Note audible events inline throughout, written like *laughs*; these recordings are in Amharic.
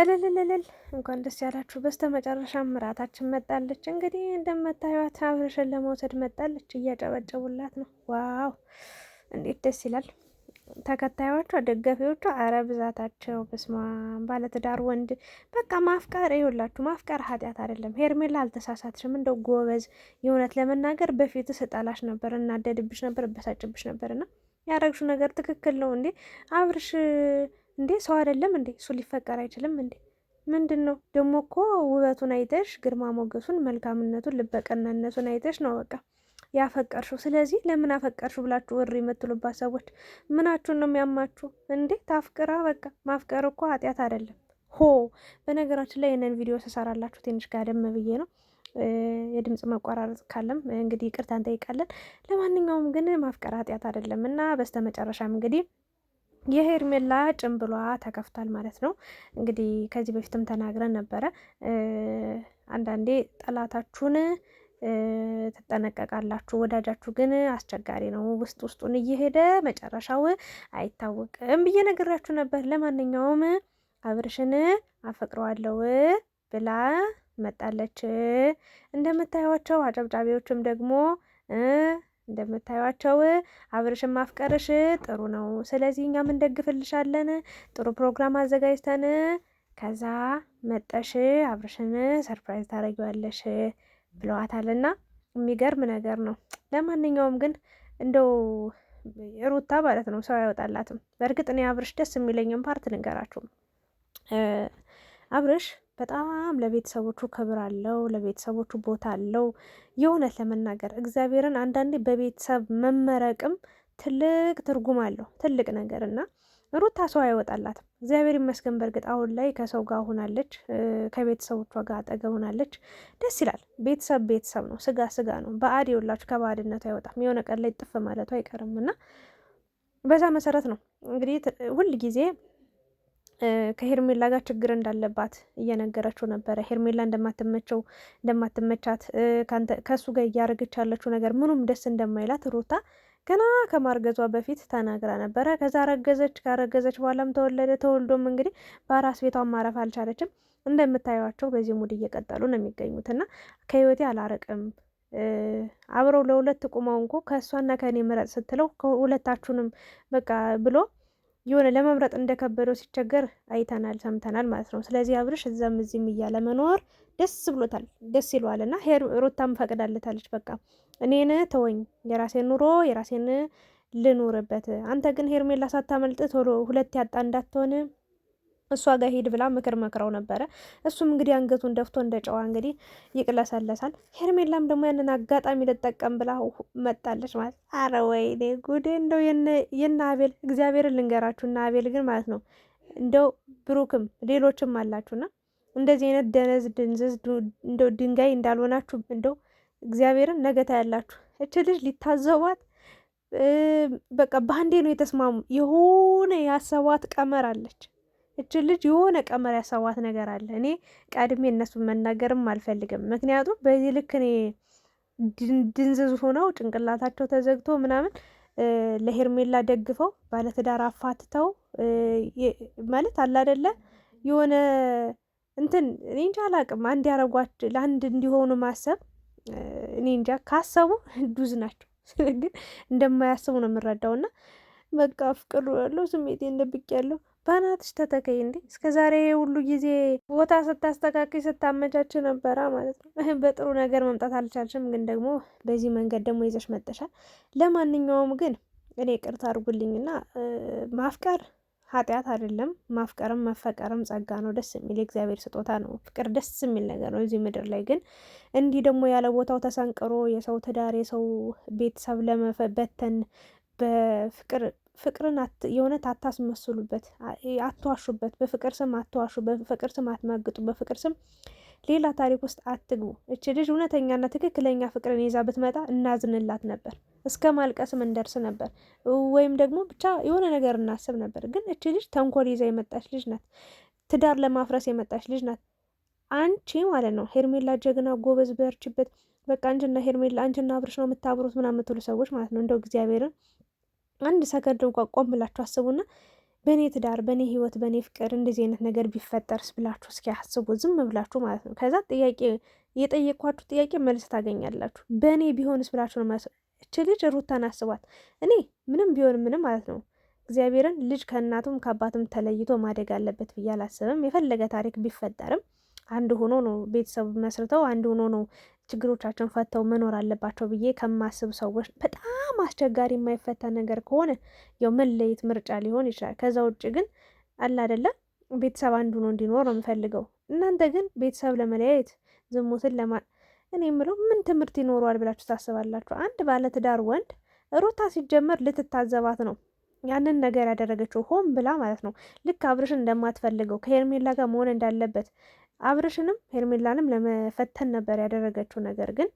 እልልልልል እንኳን ደስ ያላችሁ። በስተ መጨረሻ ምራታችን መጣለች። እንግዲህ እንደምታዩት አብርሽን ለመውሰድ መጣለች። እያጨበጨቡላት ነው። ዋው እንዴት ደስ ይላል! ተከታዮቿ፣ ደጋፊዎቿ አረ ብዛታቸው ብስማ ባለትዳር ወንድ በቃ ማፍቀር ይውላችሁ፣ ማፍቀር ኃጢአት አይደለም። ሄርሜላ አልተሳሳትሽም። እንደው ጎበዝ፣ የእውነት ለመናገር በፊት ስጠላሽ ነበር፣ እናደድብሽ ነበር፣ እበሳጭብሽ ነበር እና ያረግሹ ነገር ትክክል ነው እንዴ አብርሽ እንዴ ሰው አይደለም እንዴ? እሱ ሊፈቀር አይችልም እንዴ? ምንድን ነው ደግሞ እኮ ውበቱን አይተሽ ግርማ ሞገሱን፣ መልካምነቱን፣ ልበቀናነቱን አይተሽ ነው በቃ ያፈቀርሽው። ስለዚህ ለምን አፈቀርሽው ብላችሁ እሪ የምትሉባት ሰዎች ምናችሁን ነው የሚያማችሁ እንዴ? ታፍቅራ በቃ ማፍቀር እኮ ኃጢአት አይደለም። ሆ በነገራችን ላይ ይህንን ቪዲዮ ተሰራላችሁ ትንሽ ጋደም ብዬ ነው የድምፅ መቆራረጥ ካለም እንግዲህ ይቅርታ እንጠይቃለን። ለማንኛውም ግን ማፍቀር ኃጢአት አይደለም እና በስተመጨረሻም እንግዲህ የሄርሜላ ጭንብሏ ተከፍቷል ማለት ነው። እንግዲህ ከዚህ በፊትም ተናግረን ነበረ። አንዳንዴ ጠላታችሁን ትጠነቀቃላችሁ፣ ወዳጃችሁ ግን አስቸጋሪ ነው፣ ውስጥ ውስጡን እየሄደ መጨረሻው አይታወቅም ብዬ ነግራችሁ ነበር። ለማንኛውም አብርሽን አፈቅረዋለሁ ብላ መጣለች። እንደምታዩቸው አጨብጫቢዎችም ደግሞ እንደምታዩቸው አብርሽን ማፍቀርሽ ጥሩ ነው። ስለዚህ እኛም እንደግፍልሻለን። ጥሩ ፕሮግራም አዘጋጅተን ከዛ መጠሽ አብርሽን ሰርፕራይዝ ታደርጊዋለሽ ብለዋታልና የሚገርም ነገር ነው። ለማንኛውም ግን እንደው ሩታ ማለት ነው ሰው አይወጣላትም። በእርግጥ እኔ አብርሽ ደስ የሚለኝም ፓርት ልንገራችሁ አብርሽ በጣም ለቤተሰቦቹ ክብር አለው፣ ለቤተሰቦቹ ቦታ አለው። የእውነት ለመናገር እግዚአብሔርን አንዳንዴ በቤተሰብ መመረቅም ትልቅ ትርጉም አለው፣ ትልቅ ነገር እና ሩታ ሰው አይወጣላትም። እግዚአብሔር ይመስገን። በእርግጥ አሁን ላይ ከሰው ጋር ሆናለች፣ ከቤተሰቦቿ ጋር አጠገብ ሆናለች። ደስ ይላል። ቤተሰብ ቤተሰብ ነው፣ ስጋ ስጋ ነው። በአድ የውላችሁ ከባዕድነቱ አይወጣም። የሆነ ቀን ላይ ጥፍ ማለቱ አይቀርም እና በዛ መሰረት ነው እንግዲህ ሁል ጊዜ ከሄርሜላ ጋር ችግር እንዳለባት እየነገረችው ነበረ። ሄርሜላ እንደማትመቸው እንደማትመቻት ከእሱ ጋር እያደረገች ያለችው ነገር ምኑም ደስ እንደማይላት ሩታ ገና ከማርገዟ በፊት ተናግራ ነበረ። ከዛ ረገዘች። ካረገዘች በኋላም ተወለደ። ተወልዶም እንግዲህ በአራስ ቤቷን ማረፍ አልቻለችም። እንደምታዩቸው በዚህ ሙድ እየቀጠሉ ነው የሚገኙት እና ከህይወቴ አላረቅም አብረው ለሁለት ቁመው እንኮ ከእሷና ከእኔ ምረጥ ስትለው ከሁለታችሁንም በቃ ብሎ የሆነ ለመምረጥ እንደከበደው ሲቸገር አይተናል፣ ሰምተናል ማለት ነው። ስለዚህ አብርሽ እዛም እዚህም እያለ መኖር ደስ ብሎታል፣ ደስ ይለዋል። እና ሩታም ፈቅዳለታለች። በቃ እኔን ተወኝ፣ የራሴን ኑሮ የራሴን ልኑርበት፣ አንተ ግን ሄርሜላ ሳታመልጥ ቶሎ ሁለት ያጣ እንዳትሆን እሷ ጋር ሄድ ብላ ምክር መክረው ነበረ። እሱም እንግዲህ አንገቱን ደፍቶ እንደ ጨዋ እንግዲህ ይቅለሰለሳል። ሄርሜላም ደግሞ ያንን አጋጣሚ ልጠቀም ብላ መጣለች ማለት አረ ወይኔ ጉዴ! እንደው የነ አቤል እግዚአብሔርን ልንገራችሁ እና አቤል ግን ማለት ነው እንደው ብሩክም ሌሎችም አላችሁና እንደዚህ አይነት ደነዝ ድንዝዝ እንደው ድንጋይ እንዳልሆናችሁ እንደው እግዚአብሔርን ነገታ ያላችሁ እች ልጅ ሊታዘቧት በቃ በአንዴ ነው የተስማሙ። የሆነ ያሰቧት ቀመር አለች። እችን ልጅ የሆነ ቀመር ያሳዋት ነገር አለ። እኔ ቀድሜ እነሱን መናገርም አልፈልግም። ምክንያቱም በዚህ ልክ እኔ ድንዝዝ ሆነው ጭንቅላታቸው ተዘግቶ ምናምን ለሄርሜላ ደግፈው ባለትዳር አፋትተው ማለት አላደለ የሆነ እንትን እኔ እንጃ አላቅም። አንድ ያረጓት ለአንድ እንዲሆኑ ማሰብ እኔ እንጃ ካሰቡ ዱዝ ናቸው። ግን እንደማያስቡ ነው የምረዳውና በቃ ፍቅር ያለው ስሜቴ እንደብቅ ያለው በናትሽ ተተከይ እንዴ! እስከ ዛሬ ሁሉ ጊዜ ቦታ ስታስተካክል ስታመቻች ነበራ ማለት ነው። በጥሩ ነገር መምጣት አልቻልሽም፣ ግን ደግሞ በዚህ መንገድ ደግሞ ይዘሽ መጠሻል። ለማንኛውም ግን እኔ ቅርታ አድርጉልኝና ማፍቀር ኃጢአት አይደለም። ማፍቀርም መፈቀርም ጸጋ ነው። ደስ የሚል የእግዚአብሔር ስጦታ ነው። ፍቅር ደስ የሚል ነገር ነው እዚህ ምድር ላይ ግን እንዲህ ደግሞ ያለ ቦታው ተሰንቅሮ የሰው ትዳር የሰው ቤተሰብ ለመበተን በፍቅር ፍቅርን የእውነት አታስመስሉበት፣ አትዋሹበት። በፍቅር ስም አትዋሹ፣ በፍቅር ስም አትማግጡ፣ በፍቅር ስም ሌላ ታሪክ ውስጥ አትግቡ። እች ልጅ እውነተኛና ትክክለኛ ፍቅርን ይዛ ብትመጣ እናዝንላት ነበር፣ እስከ ማልቀስም እንደርስ ነበር፣ ወይም ደግሞ ብቻ የሆነ ነገር እናስብ ነበር። ግን እች ልጅ ተንኮል ይዛ የመጣች ልጅ ናት። ትዳር ለማፍረስ የመጣች ልጅ ናት። አንቺ ማለት ነው ሄርሜላ ጀግና፣ ጎበዝ፣ በርችበት በቃ አንቺና ሄርሜላ አንቺና አብርሽ ነው የምታብሩት ምናምን የምትሉ ሰዎች ማለት ነው እንደው እግዚአብሔርን አንድ ሰከንድ እንኳ ቆም ብላችሁ አስቡና በእኔ ትዳር፣ በእኔ ህይወት፣ በእኔ ፍቅር እንደዚህ አይነት ነገር ቢፈጠርስ ብላችሁ እስኪ አስቡ። ዝም ብላችሁ ማለት ነው። ከዛ ጥያቄ የጠየኳችሁ ጥያቄ መልስ ታገኛላችሁ። በእኔ ቢሆንስ ብላችሁ ነው ማለት ነው። እች ልጅ ሩታን አስቧት። እኔ ምንም ቢሆን ምንም ማለት ነው እግዚአብሔርን ልጅ ከእናቱም ከአባቱም ተለይቶ ማደግ አለበት ብዬ አላስብም። የፈለገ ታሪክ ቢፈጠርም አንድ ሆኖ ነው ቤተሰብ መስርተው አንድ ሆኖ ነው ችግሮቻቸውን ፈተው መኖር አለባቸው ብዬ ከማስብ ሰዎች በጣም አስቸጋሪ የማይፈታ ነገር ከሆነ ያው መለየት ምርጫ ሊሆን ይችላል። ከዛ ውጭ ግን አለ አይደለም ቤተሰብ አንድ ሆኖ እንዲኖር ነው የምፈልገው። እናንተ ግን ቤተሰብ ለመለያየት ዝሙትን ለማ እኔ የምለው ምን ትምህርት ይኖረዋል ብላችሁ ታስባላችሁ? አንድ ባለትዳር ወንድ ሩታ ሲጀመር ልትታዘባት ነው ያንን ነገር ያደረገችው ሆን ብላ ማለት ነው። ልክ አብርሽን እንደማትፈልገው ከሄርሜላ ጋር መሆን እንዳለበት አብርሽንም ሄርሜላንም ለመፈተን ነበር ያደረገችው። ነገር ግን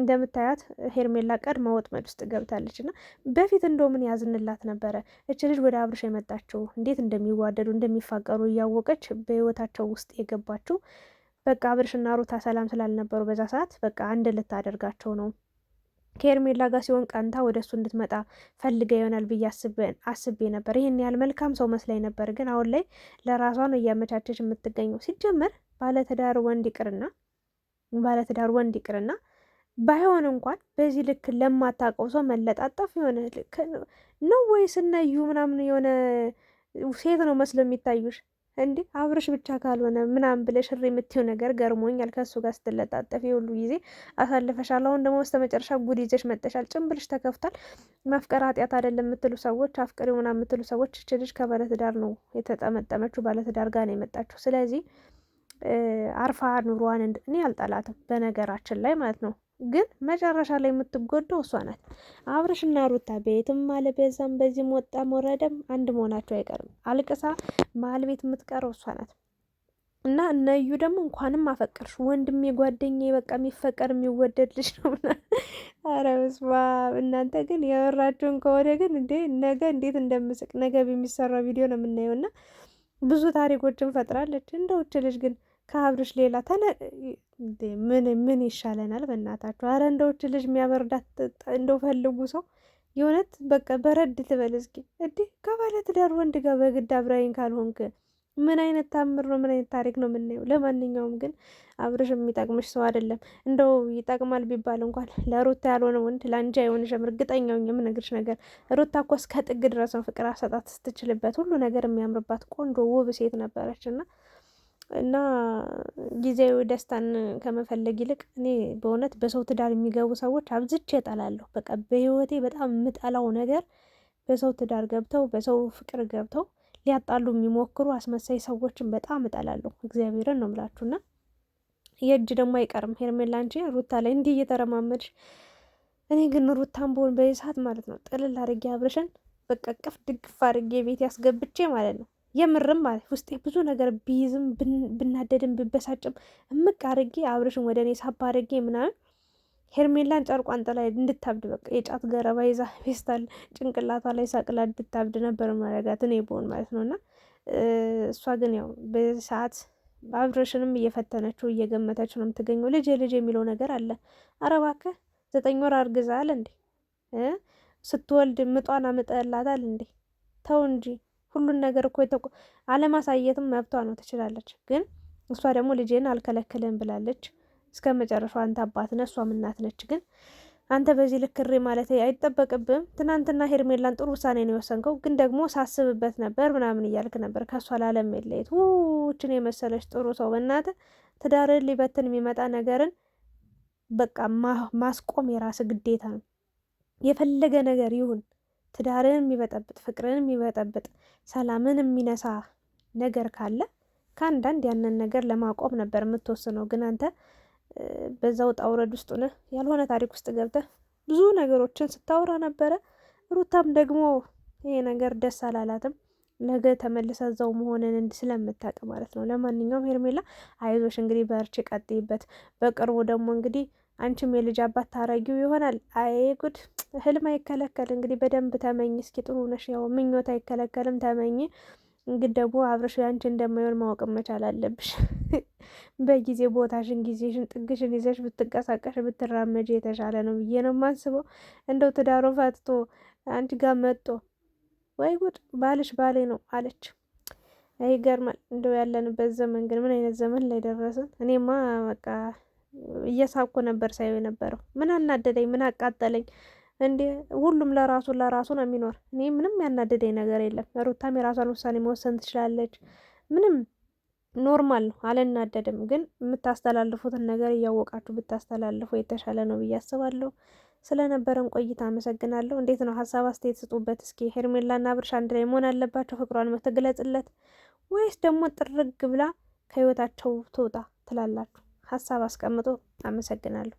እንደምታያት ሄርሜላ ቀድመ ወጥመድ ውስጥ ገብታለች። እና በፊት እንደው ምን ያዝንላት ነበረ እች ልጅ ወደ አብርሽ የመጣችው እንዴት እንደሚዋደዱ እንደሚፋቀሩ እያወቀች በህይወታቸው ውስጥ የገባችው በቃ አብርሽና ሩታ ሰላም ስላልነበሩ በዛ ሰዓት በቃ አንድ ልታደርጋቸው ነው። ከሄርሜላ ጋር ሲሆን ቀንታ ወደ እሱ እንድትመጣ ፈልገ ይሆናል ብዬ አስቤ ነበር። ይህን ያህል መልካም ሰው መስላኝ ነበር፣ ግን አሁን ላይ ለራሷ ነው እያመቻቸች የምትገኘው። ሲጀመር ባለትዳር ወንድ ይቅርና ባለትዳር ወንድ ይቅርና ባይሆን እንኳን በዚህ ልክ ለማታውቀው ሰው መለጣጠፍ የሆነ ነው ወይ ስናዩ ምናምን የሆነ ሴት ነው መስሎ የሚታዩሽ እንዴ? አብረሽ ብቻ ካልሆነ ምናምን ብለሽ እሪ የምትይው ነገር ገርሞኛል። ከእሱ ጋር ስትለጣጠፍ የሁሉ ጊዜ አሳልፈሻል። አሁን ደግሞ መጨረሻ ጉድ ይዘሽ መጠሻል። ጭንብልሽ ተከፍቷል። መፍቀር ኃጢአት አይደለም የምትሉ ሰዎች፣ አፍቅሪ ምናምን የምትሉ ሰዎች፣ ችልሽ ልጅ ከባለትዳር ነው የተጠመጠመችው፣ ባለትዳር ጋር ነው የመጣችው። ስለዚህ አርፋ ኑሯን እኔ አልጠላትም፣ በነገራችን ላይ ማለት ነው። ግን መጨረሻ ላይ የምትጎደው እሷ ናት። አብርሽና ሩታ ቤትም አለ በዛም በዚህም ወጣ ወረደም አንድ መሆናቸው አይቀርም። አልቅሳ መሀል ቤት የምትቀረው እሷ ናት። እና እነዩ ደግሞ እንኳንም አፈቀርሽ ወንድም ጓደኛ በቃ የሚፈቀር የሚወደድ ልጅ ነው። አረ በስመ አብ እናንተ ግን የወራችሁን ከሆነ ግን እንዴ ነገ እንዴት እንደምስቅ ነገ የሚሰራው ቪዲዮ ነው የምናየው። እና ብዙ ታሪኮችን ፈጥራለች እንደውች ልጅ ግን ከአብርሽ ሌላ ተነ ምን ምን ይሻለናል? በእናታችሁ አረ እንደውች ልጅ የሚያበርዳት እንደው ፈልጉ ሰው የእውነት በቃ በረድ ትበል እስኪ። እዲህ ከባለ ትዳር ወንድ ጋር በግድ አብራይን ካልሆንክ ምን አይነት ታምር ነው? ምን አይነት ታሪክ ነው የምናየው? ለማንኛውም ግን አብርሽ የሚጠቅምሽ ሰው አይደለም። እንደው ይጠቅማል ቢባል እንኳን ለሩታ ያልሆነ ወንድ ለአንቺ አይሆንሽም። እርግጠኛው ነኝ የምነግርሽ ነገር ሩታ እኮ እስከ ጥግ ድረስ ነው ፍቅር አሰጣት ስትችልበት ሁሉ ነገር የሚያምርባት ቆንጆ ውብ ሴት ነበረች እና እና ጊዜያዊ ደስታን ከመፈለግ ይልቅ እኔ በእውነት በሰው ትዳር የሚገቡ ሰዎች አብዝቼ እጠላለሁ። በቃ በህይወቴ በጣም የምጠላው ነገር በሰው ትዳር ገብተው በሰው ፍቅር ገብተው ሊያጣሉ የሚሞክሩ አስመሳይ ሰዎችን በጣም እጠላለሁ። እግዚአብሔርን ነው የምላችሁና የእጅ ደግሞ አይቀርም ሄርሜላ እንጂ ሩታ ላይ እንዲህ እየተረማመድሽ እኔ ግን ሩታን በሆን በዚህ ሰዓት ማለት ነው ጥልል አድርጌ አብርሽን በቃ ቅፍ ድግፍ አድርጌ ቤት ያስገብቼ ማለት ነው የምርም ማለት ውስጤ ብዙ ነገር ቢይዝም ብናደድም ብበሳጭም እምቅ አርጌ አብርሽን ወደ እኔ ሳባ አርጌ ምናምን ሄርሜላን ጨርቋን ጥላ እንድታብድ በቃ የጫት ገረባ ይዛ ፌስታል ጭንቅላቷ ላይ ሳቅላ እንድታብድ ነበር ማረጋት እኔ በሆን ማለት ነው። እና እሷ ግን ያው በሰዓት አብርሽንም እየፈተነችው እየገመተችው ነው የምትገኘው። ልጅ ልጅ የሚለው ነገር አለ። ኧረ እባክህ ዘጠኝ ወር አርግዛል እንዴ? ስትወልድ ምጧን አምጠላታል እንዴ? ተው እንጂ ሁሉን ነገር እኮ አለማሳየትም መብቷ ነው፣ ትችላለች። ግን እሷ ደግሞ ልጄን አልከለክልም ብላለች እስከ መጨረሻው። አንተ አባት ነህ፣ እሷም እናት ነች። ግን አንተ በዚህ ልክ እሪ ማለት አይጠበቅብም። ትናንትና ሄርሜላን ጥሩ ውሳኔ ነው የወሰንከው፣ ግን ደግሞ ሳስብበት ነበር ምናምን እያልክ ነበር ከእሷ ላለመለየት። ውችን የመሰለች ጥሩ ሰው በእናትህ ትዳርን ሊበትን የሚመጣ ነገርን በቃ ማስቆም የራስ ግዴታ ነው። የፈለገ ነገር ይሁን ትዳርን የሚበጠብጥ ፍቅርን የሚበጠብጥ ሰላምን የሚነሳ ነገር ካለ ከአንዳንድ ያንን ነገር ለማቆም ነበር የምትወስነው። ግን አንተ በዛ ውጣ ውረድ ውስጥ ሆነህ ያልሆነ ታሪክ ውስጥ ገብተህ ብዙ ነገሮችን ስታወራ ነበረ። ሩታም ደግሞ ይሄ ነገር ደስ አላላትም። ነገ ተመልሰ እዛው መሆንን እንዲ ስለምታውቅ ማለት ነው። ለማንኛውም ሄርሜላ አይዞሽ እንግዲህ በርቺ ቀጥይበት። በቅርቡ ደግሞ እንግዲህ አንቺም የልጅ አባት ታረጊው ይሆናል። አይ ጉድ! ህልም አይከለከል እንግዲህ በደንብ ተመኝ እስኪ ጥሩ ነሽ። ያው ምኞት አይከለከልም፣ ተመኝ። እንግዲህ ደግሞ አብረሽ አንቺ እንደማይሆን ማወቅ መቻል አለብሽ። *laughs* በጊዜ ቦታሽን፣ ጊዜሽን፣ ጥግሽን ይዘሽ ብትንቀሳቀሽ ብትራመጅ የተሻለ ነው ብዬ ነው የማስበው። እንደው ትዳሮ ፈትቶ አንቺ ጋር መጦ ወይ ጉድ! ባልሽ ባሌ ነው አለች። ይገርማል። እንደው ያለንበት ዘመን ግን ምን አይነት ዘመን ላይ ደረስን? እኔማ በቃ እየሳኩ ነበር ሳየው የነበረው። ምን አናደደኝ? ምን አቃጠለኝ? እንዴ ሁሉም ለራሱ ለራሱ ነው የሚኖር። እኔ ምንም ያናደደኝ ነገር የለም። ሩታም የራሷን ውሳኔ መወሰን ትችላለች። ምንም ኖርማል ነው። አልናደድም። ግን የምታስተላልፉትን ነገር እያወቃችሁ ብታስተላልፉ የተሻለ ነው ብዬ አስባለሁ። ስለነበረን ቆይታ አመሰግናለሁ። እንዴት ነው ሀሳብ አስተያየት ስጡበት። እስኪ ሄርሜላና ብርሻ አንድ ላይ መሆን አለባቸው ፍቅሯን መተግለጽለት ወይስ ደግሞ ጥርግ ብላ ከህይወታቸው ትውጣ ትላላችሁ? ሀሳብ አስቀምጡ። አመሰግናለሁ።